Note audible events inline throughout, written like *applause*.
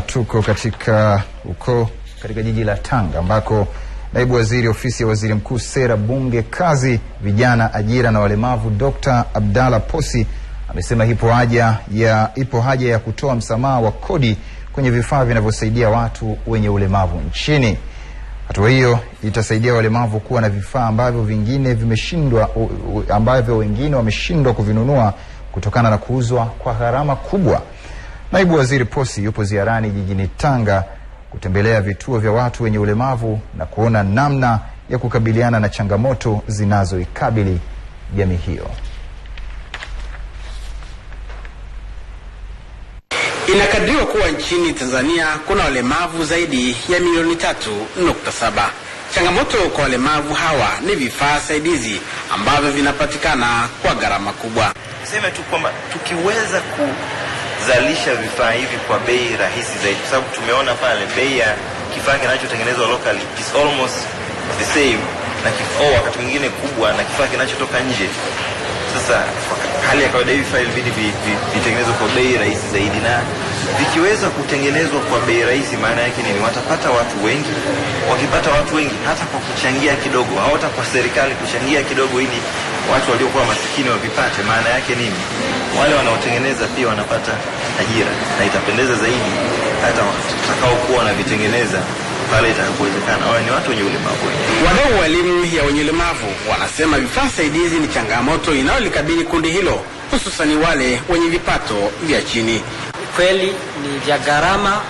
Tuko katika uko katika jiji la Tanga ambako naibu waziri ofisi ya waziri mkuu sera, bunge, kazi, vijana, ajira na walemavu Dr. Abdalla Posi amesema ipo haja ya, ipo haja ya kutoa msamaha wa kodi kwenye vifaa vinavyosaidia watu wenye ulemavu nchini. Hatua hiyo itasaidia walemavu kuwa na vifaa ambavyo vingine vimeshindwa, ambavyo wengine wameshindwa kuvinunua kutokana na kuuzwa kwa gharama kubwa. Naibu Waziri posi yupo ziarani jijini Tanga kutembelea vituo vya watu wenye ulemavu na kuona namna ya kukabiliana na changamoto zinazoikabili jamii hiyo. Inakadiriwa kuwa nchini Tanzania kuna walemavu zaidi ya milioni tatu nukta saba. Changamoto kwa walemavu hawa ni vifaa saidizi ambavyo vinapatikana kwa gharama kubwa. Tuseme tu kwamba tukiweza ku zalisha vifaa hivi kwa bei rahisi zaidi, kwa sababu tumeona pale bei ya kifaa kinachotengenezwa locally is almost the same na kifaa, wakati mwingine kubwa, na kifaa kinachotoka nje sasa hali ya kawaida hivi faili ilibidi vitengenezwe kwa bei rahisi zaidi, na vikiweza kutengenezwa kwa bei rahisi, maana yake nini? Watapata watu wengi. Wakipata watu wengi, hata kwa kuchangia kidogo, au hata kwa serikali kuchangia kidogo, ili watu waliokuwa masikini wavipate, maana yake nini? Wale wanaotengeneza pia wanapata ajira, na itapendeza zaidi hata watakaokuwa wanavitengeneza pale itakapowezekana wawe ni watu wenye ulemavu wenyewe. Wadau wa elimu ya wenye ulemavu wanasema vifaa saidizi ni changamoto inayolikabili kundi hilo, hususani wale wenye vipato vya chini. Kweli ni vya gharama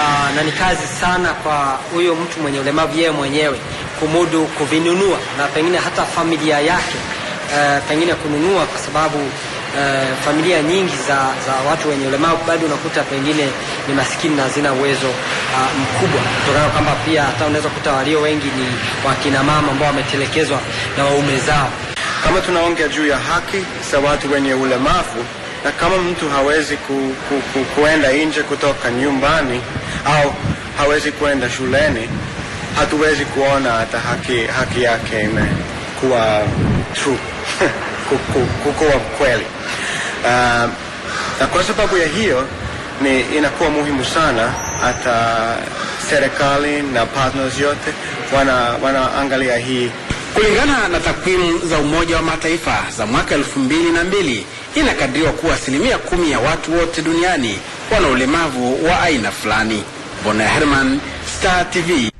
ah, na ni kazi sana kwa huyo mtu mwenye ulemavu yeye mwenyewe kumudu kuvinunua na pengine hata familia yake eh, pengine kununua kwa sababu Eh, familia nyingi za, za watu wenye ulemavu bado unakuta pengine ni maskini na hazina uwezo uh, mkubwa, kutokana kwamba pia hata unaweza kukuta walio wengi ni wakina mama ambao wametelekezwa na waume zao. Kama tunaongea juu ya haki za watu wenye ulemavu na kama mtu hawezi ku, ku, ku, kuenda nje kutoka nyumbani au hawezi kuenda shuleni, hatuwezi kuona hata haki, haki yake imekuwa true *laughs* kukoa kweli. Uh, na kwa sababu ya hiyo ni inakuwa muhimu sana hata serikali na partners yote wanaangalia hii. Kulingana na takwimu za Umoja wa Mataifa za mwaka elfu mbili na mbili inakadiriwa kuwa asilimia kumi ya watu wote duniani wana ulemavu wa aina fulani. Bona Herman, Star TV.